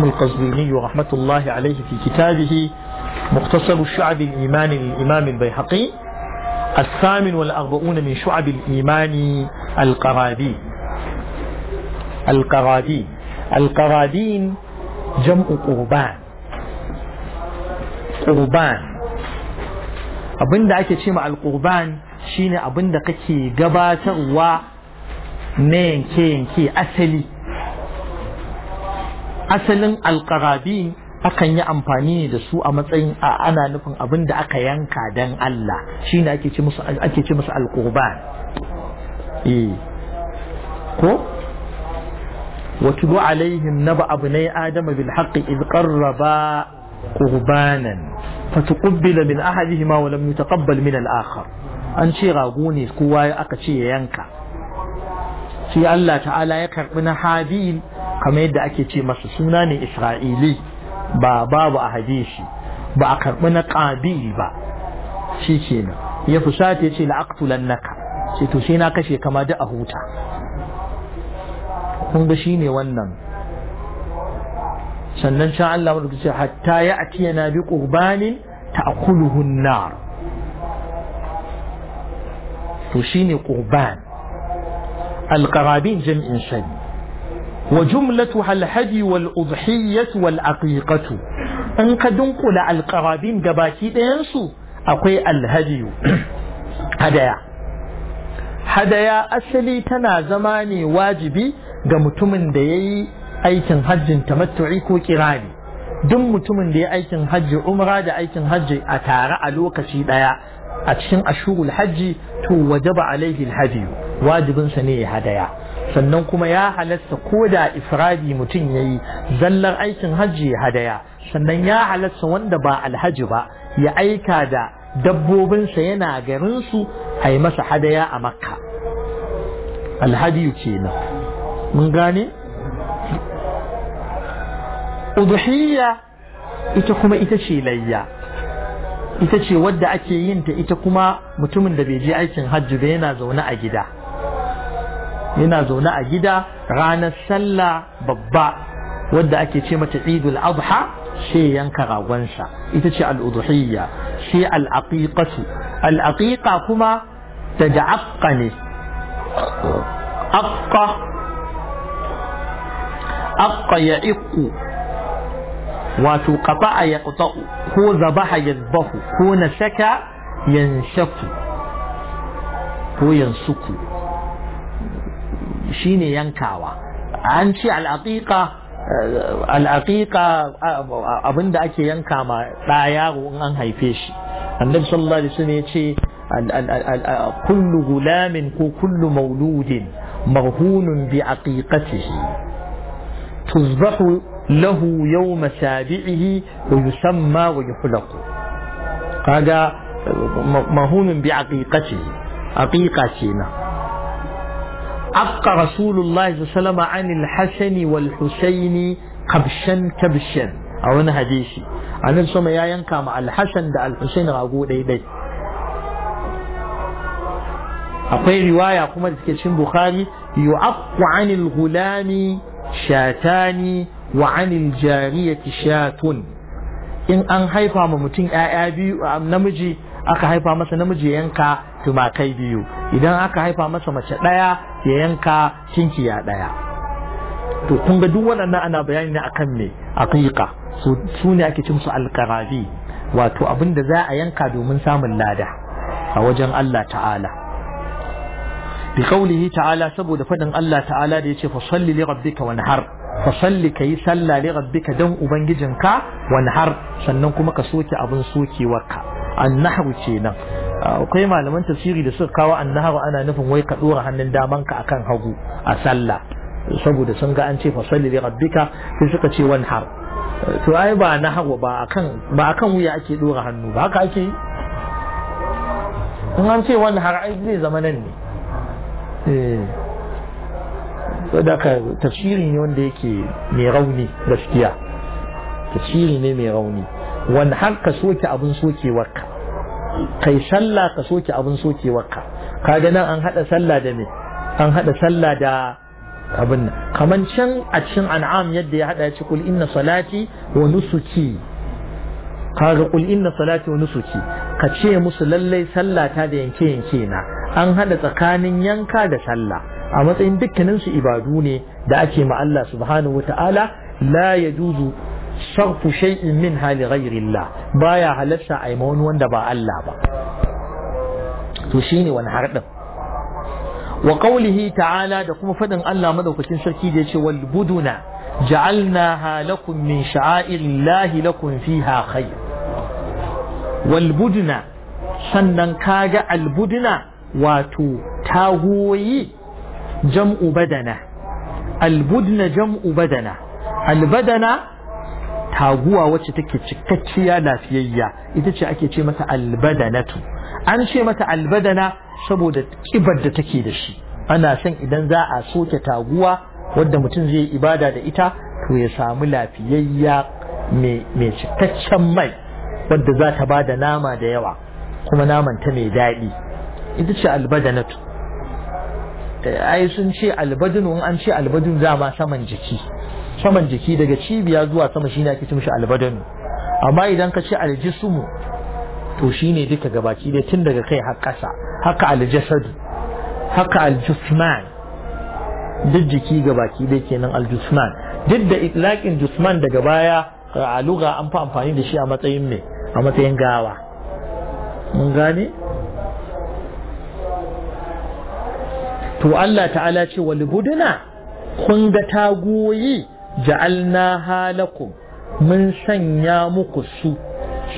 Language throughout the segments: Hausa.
القزويني رحمة الله عليه في كتابه مختصر الشعب الإيمان للإمام البيهقي الثامن والأربعون من شعب الإيمان القرادي القرادي القرادين جمع قربان قربان أبن دعك ake القربان شين أبن shine abin القربان kake كين كي أسلي asalin alƙarabi akan yi amfani da su a matsayin ana nufin abin da aka yanka dan Allah shi ne ake ce musu ake Ko, musu alqurban na ba abu alaihim naba abnai adama bil haqqi id qarraba qurbanan fataqabbala min ahadihima wa lam yutaqabbal min al akhar an ce rago ne kowa aka ce ya yanka shi Allah ta'ala ya karbi na habil kamar yadda ake ce masa suna ne isra'ili ba babu a hadisi ba a karɓi na ƙabi ba shi nan ya fusata ya ce la'aktulan naka sai to sai na kashe kama da a huta kun ga shi ne wannan sannan sha Allah wadda ce hatta ya a tiya na bi ƙurbanin ta akuluhun nar to shi ne ƙurban alƙarabin jam'in shani وجملتها الهدي والأضحية والعقيقة أن كدنك القرابين قباكي ينسو أقوي الهدي هدايا هدايا أسلي تنا زماني واجبي قمتم دي aikin hajjin tamattu'i ko ƙirari. duk mutumin da ya aikin hajji umra da aikin hajji a tare a lokaci ɗaya a cikin ashurul hajji to wajaba alaihi alhadi wajibin ne ya hadaya sannan kuma ya halatta ko da ifradi mutum ya yi zallar aikin hajji ya hadaya sannan ya halatta wanda ba alhaji ba ya aika da dabbobinsa yana garinsu a yi masa hadaya a makka alhadiyu kenan mun gane uduhiyya ita kuma ita ce layya ita ce wadda ake yin ta ita kuma mutumin da bai je aikin hajji ba yana zaune a gida yana zaune a gida ranar sallah babba wadda ake ce mata idul adha she yanka ragonsa ita ce al'uduhiyya sai al'aqiqatu al'aqiqa kuma daga aqqa ne aqqa aqqa ya iqu wato qata'a ya qata'u ko zabaha yadbahu ko nasaka yanshaku ko yansuku shine yankawa an ce al'aqiqa eh, eh, abinda ake yanka ma da yaro in an haife shi annabi sallallahu alaihi wasallam ya ce kullu gulamin ko kullu mauludin marhunun bi aqiqatihi tuzbahu lahu yawma sabi'ihi wa yusamma wa yuhlaqu kaga eh, mahunun bi aqiqatihi aqiqa kenan Akka rasulullahi sallallahu alaihi hasani wal husaini kabshan kabshan a wani hadisi annabi sama ya yanka ma al da al-husaini rago daidai akwai riwaya kuma da suke cikin bukhari yu'aqqu 'anil ghulami shatani wa 'anil jariyati shatun in an haifa ma mutum 'ya'ya biyu namiji aka haifa masa namiji yanka tumakai biyu idan aka haifa masa mace ɗaya ya yanka ya ɗaya to kun ga duk waɗannan ana bayani ne akan me aqiqa su ne ake cin su alqarabi wato abin da za a yanka domin samun lada a wajen Allah ta'ala bi qawlihi ta'ala saboda fadin Allah ta'ala da yace fa salli li rabbika wanhar fa salli kayi sallah li rabbika dan ubangijinka wanhar sannan kuma ka soke abin sokewarka annahru kenan akwai malaman tafsiri da suka kawo annaharu ana nufin wai ka dora hannun damanka akan hagu a sallah saboda sun ga an ce fasalli li rabbika sai suka ce wan har to ai ba na hagu ba akan ba akan wuya ake dora hannu ba haka ake in an ce wan har ai zai zama nan ne eh da ka tafsiri ne wanda yake mai rauni gaskiya tafsiri ne mai rauni wan har ka soke abun sokewarka kai sallah ka soke abin sokewarka kaga nan an hada sallah da me an hada sallah da abin nan kaman can a cikin an'am yadda ya hada ya ce kul inna salati wa nusuki kaga kul inna salati wa nusuki ka ce musu lallai sallah ta da yanke yanke na an hada tsakanin yanka da sallah a matsayin dukkaninsu ibadu ne da ake ma Allah subhanahu wa la yajuzu sarfu shay'in min hali ghairillah baya halatta a yi wanda ba Allah ba to shine wani harɗin wa qawlihi ta'ala da kuma fadin Allah madaukakin sarki da yace wal buduna ja'alnaha lakum min sha'airillahi lakum fiha khair wal buduna sannan kaga al buduna wato tagoyi jam'u badana al jam'u badana al badana taguwa wacce take cikakkiya lafiyayya ita ce ake ce mata albadanatu an ce mata albadana saboda kibar da take da shi ana san idan za a soke taguwa wadda mutum zai yi ibada da ita to ya samu lafiyayya mai cikakken mai wadda za ta ba da nama da yawa kuma naman ta mai daɗi ita ce albadanatu eh, ai sun ce albadun an ce albadun zama saman jiki saman jiki daga cibiya zuwa sama shine ake ce mishi albadanu amma idan ka ce aljismu to shine duka gabaki dai tun daga kai har ƙasa haka aljasadu haka aljusman duk jiki gabaki dai kenan aljusman duk da itlaqin jusman daga baya a lugha an fi amfani da shi a matsayin me a matsayin gawa mun gane to Allah ta'ala ce wal buduna kun ga tagoyi ja'alna halakum mun sanya muku su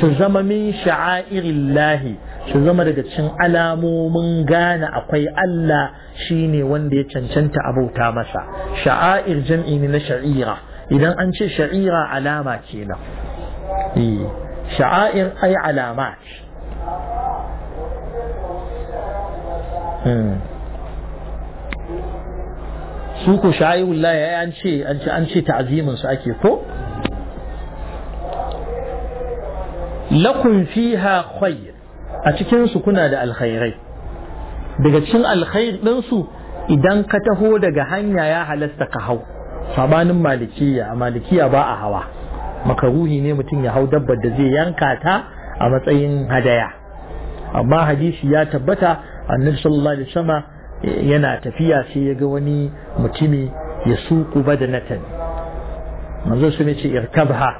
su zama min sha'airillahi su zama daga cikin alamomin gane akwai Allah shine wanda ya cancanta abauta masa sha'air jam'i ne na sha'ira idan an ce sha'ira alama kenan sha'air ai alama su ko sha'irullah ya an ce an ce an ce ta'zimin su ake ko lakum fiha khayr a cikin su kuna da alkhairai daga cikin alkhair din su idan ka taho daga hanya ya halasta ka hau sabanin malikiya a malikiya ba a hawa makaruhi ne mutum ya hau dabbar da zai yanka ta a matsayin hadaya amma hadisi ya tabbata annabi sallallahu alaihi wasallam yana tafiya sai ya ga wani mutumi ya suku badanatan manzo su ce irkabha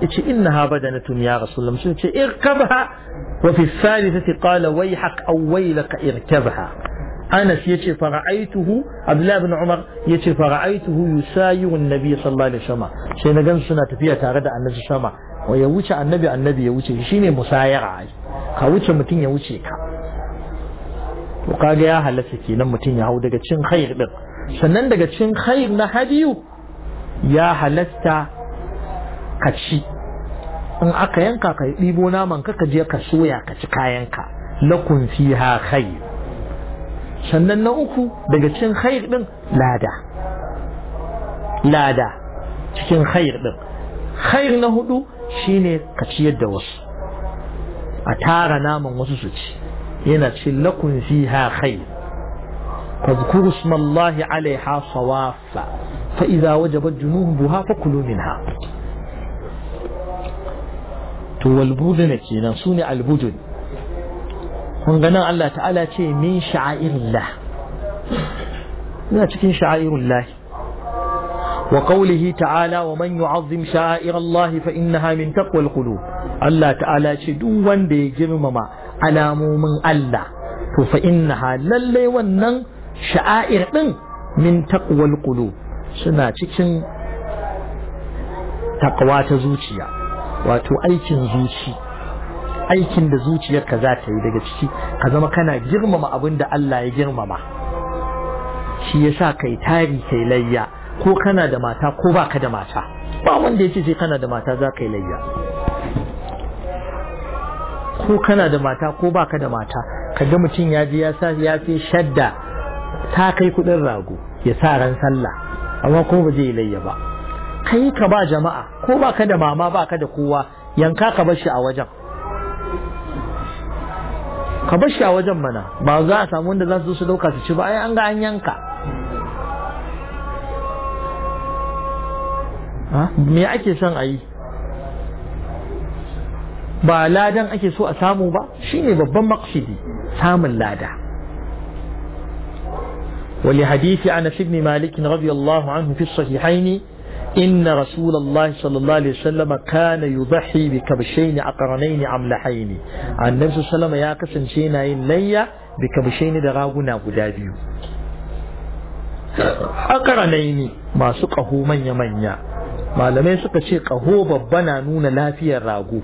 yace innaha badanatun ya rasulullah sun ce irkabha wa fi thalithati qala wayhak aw waylaka irkabha Anas yace fara'aituhu Abdullah ibn Umar yace fara'aituhu yusayiru an-nabi sallallahu alaihi wasallam sai na gan suna tafiya tare da Annabi sama ya wuce annabi annabi ya wuce shine musayara ka wuce mutum ya wuce ka to kaga ya halatta kenan mutum ya hau daga cin khair din sannan daga cin khair na hadiyu ya halatta ka ci in aka yanka ka ɗibo naman ka ka je ka soya ka ci kayanka lakun fiha khair sannan na uku daga cin khair din lada lada cikin khair din khair na hudu shine ka ciyar da wasu a tara naman wasu su ci yana ce lakun fiha khair fadhkuru isma Allah alaiha sawafa fa idza wajabat junubuha fakulu minha to walbuduna kenan sune albudun kun ga nan Allah ta'ala ce min sha'airillah yana cikin sha'airillah وقوله تعالى ومن يعظم شعائر الله فإنها من تقوى القلوب الله تعالى ce duk wanda ya girmama alamomin Allah to fa innaha lalle wannan sha'air din min taqwal qulub suna cikin takwa ta zuciya wato aikin zuci aikin da zuciyarka za ta yi daga ciki ka zama kana girmama abin da Allah ya girmama shi yasa kai tari kai layya ko kana da mata ko baka da mata ba wanda ya ce sai kana da mata za ka yi layya ko kana da mata ko baka da mata ka ga mutum ya ji ya sa ya fi shadda ta kai kudin rago ya sa ran sallah amma ko ba zai layya ba kai ka ba jama'a ko baka da mama baka da kowa yanka ka bar shi a wajen ka bar shi a wajen mana ba za a samu wanda za su zo su dauka su ci ba ai an ga an yanka me ake son a yi ba ladan ake so a samu ba shi ne babban maqsidi samun lada wani hadisi a nasib ne malikin rabi Allahu an hufi sahihaini inna rasulallah sallallahu alaihi wasallam kana yudhi bi kabshaini aqranaini amlahaini annabi sallallahu ya kasance yana yin layya bi kabshaini da raguna guda biyu aqranaini masu qaho manya manya malamai suka ce qaho babba na nuna lafiyar rago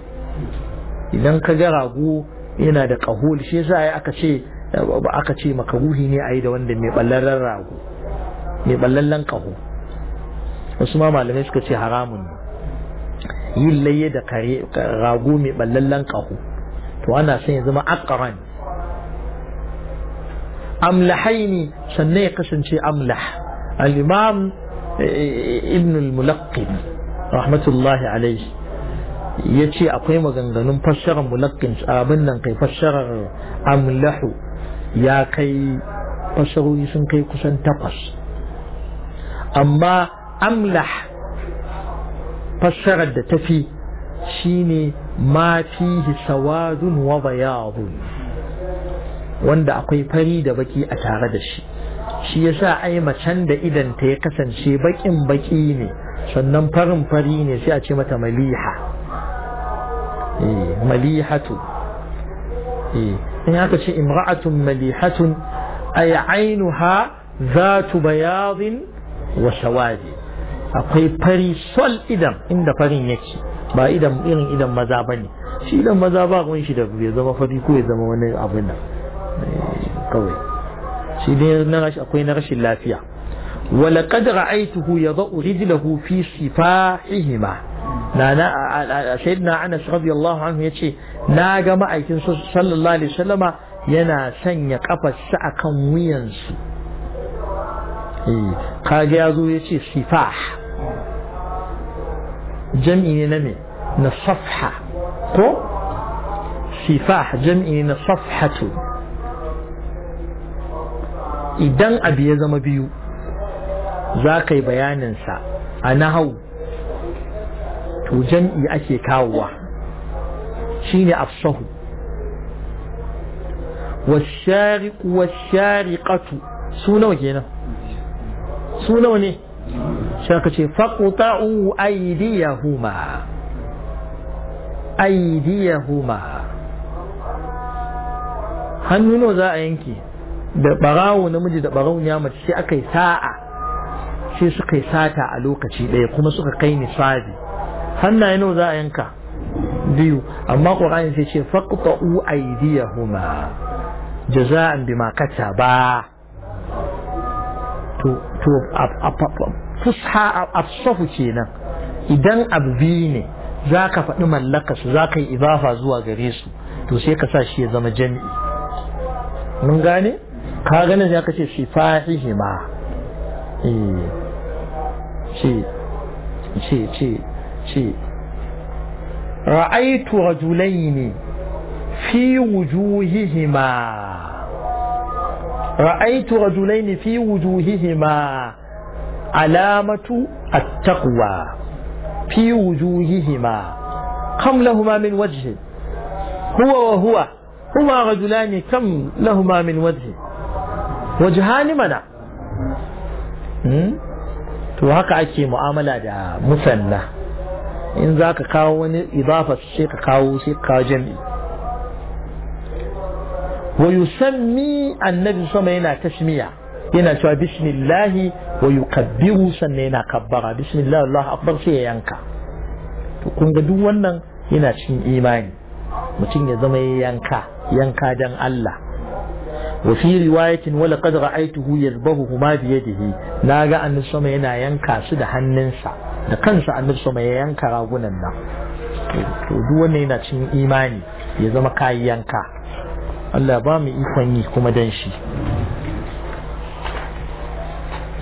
idan ka ga rago yana da ƙahol shi yasa aka ce aka ce makaruhi ne a yi da wanda mai ballallen rago mai ballallen ƙaho wasu ma malamai suka ce haramun yin laye da rago mai ballallen ƙaho to ana son ya zama akaran amlahaini sannan ya kasance amlah al-imam eh, eh, ibn al-mulaqqin rahmatullahi alaihi ya ce akwai maganganun fassarar mulakin abin nan kai fassarar amlahu ya kai fassarori sun kai kusan takwas amma amlah fassarar da tafi shine ma fihi sawadun wa bayadun wanda akwai fari da baki a tare da shi shi ya yasa ai macen da idan ta ya kasance bakin baki ne sannan farin fari ne sai a ce mata maliha Eh, malihatu eh, in aka ce imra'atun malihatun ay ainuha zatu bayadin wa shawadi akwai fari sol idan inda farin yake ba idan irin idan maza bane shi idan maza ba kun shi da ya zama fari ko ya zama wani abin nan eh, kawai shi ne na rashin akwai na rashin lafiya ولقد رأيته يضع رجله في صفاحهما na sayyidina Anas radiyallahu anhu yace na ga ma'aikin sallallahu alaihi wasallama yana sanya kafarsa akan wuyansu eh kage yazo yace sifah jam'i ne na me na safha ko sifah jam'i na safhatu idan abu ya zama biyu za ka yi bayaninsa a nahau to jam'i ake kawowa shine afsahu والشارق والشارقة سونو كينا سونو ني شاكا فاقطعوا أيديهما أيديهما hannuno za a yanke da ɓarawo namiji da barawo ya mace sai aka yi sa'a sai suka yi sata a lokaci ɗaya kuma suka kai nisabi hannaye nawa za a yanka biyu amma qur'ani sai ce faqta'u aydiyahuma jaza'an bima kataba to to fusha afsafu kenan idan abbi ne za ka faɗi mallaka su za ka yi ibafa zuwa gare su to sai ka sa shi ya zama jami'i mun gane ka gane sai ka ce shi fahihima eh shi shi ce شيء رأيت رجلين في وجوههما رأيت رجلين في وجوههما علامة التقوى في وجوههما كم لهما من وجه هو وهو هما رجلان كم لهما من وجه وجهان منا تو هكا اكي معاملة مثنى in za ka kawo wani idafa sai ka kawo sai ka kawo jami'i wa yusammi annabi sama yana tasmiya yana cewa bismillahi wa yukabbiru sannan yana kabbara bismillahi Allah akbar sai ya yanka to kun ga duk wannan yana cikin imani mutum ya zama ya yanka yanka dan Allah wa fi riwayatin wala qad ra'aytuhu yadhbahu ma bi yadihi naga annabi sama yana yanka su da hannunsa da kansa annabi sama ya yanka ragunan nan to duk wanda yana cin imani ya zama kayi yanka Allah ba mu ikon yi kuma dan shi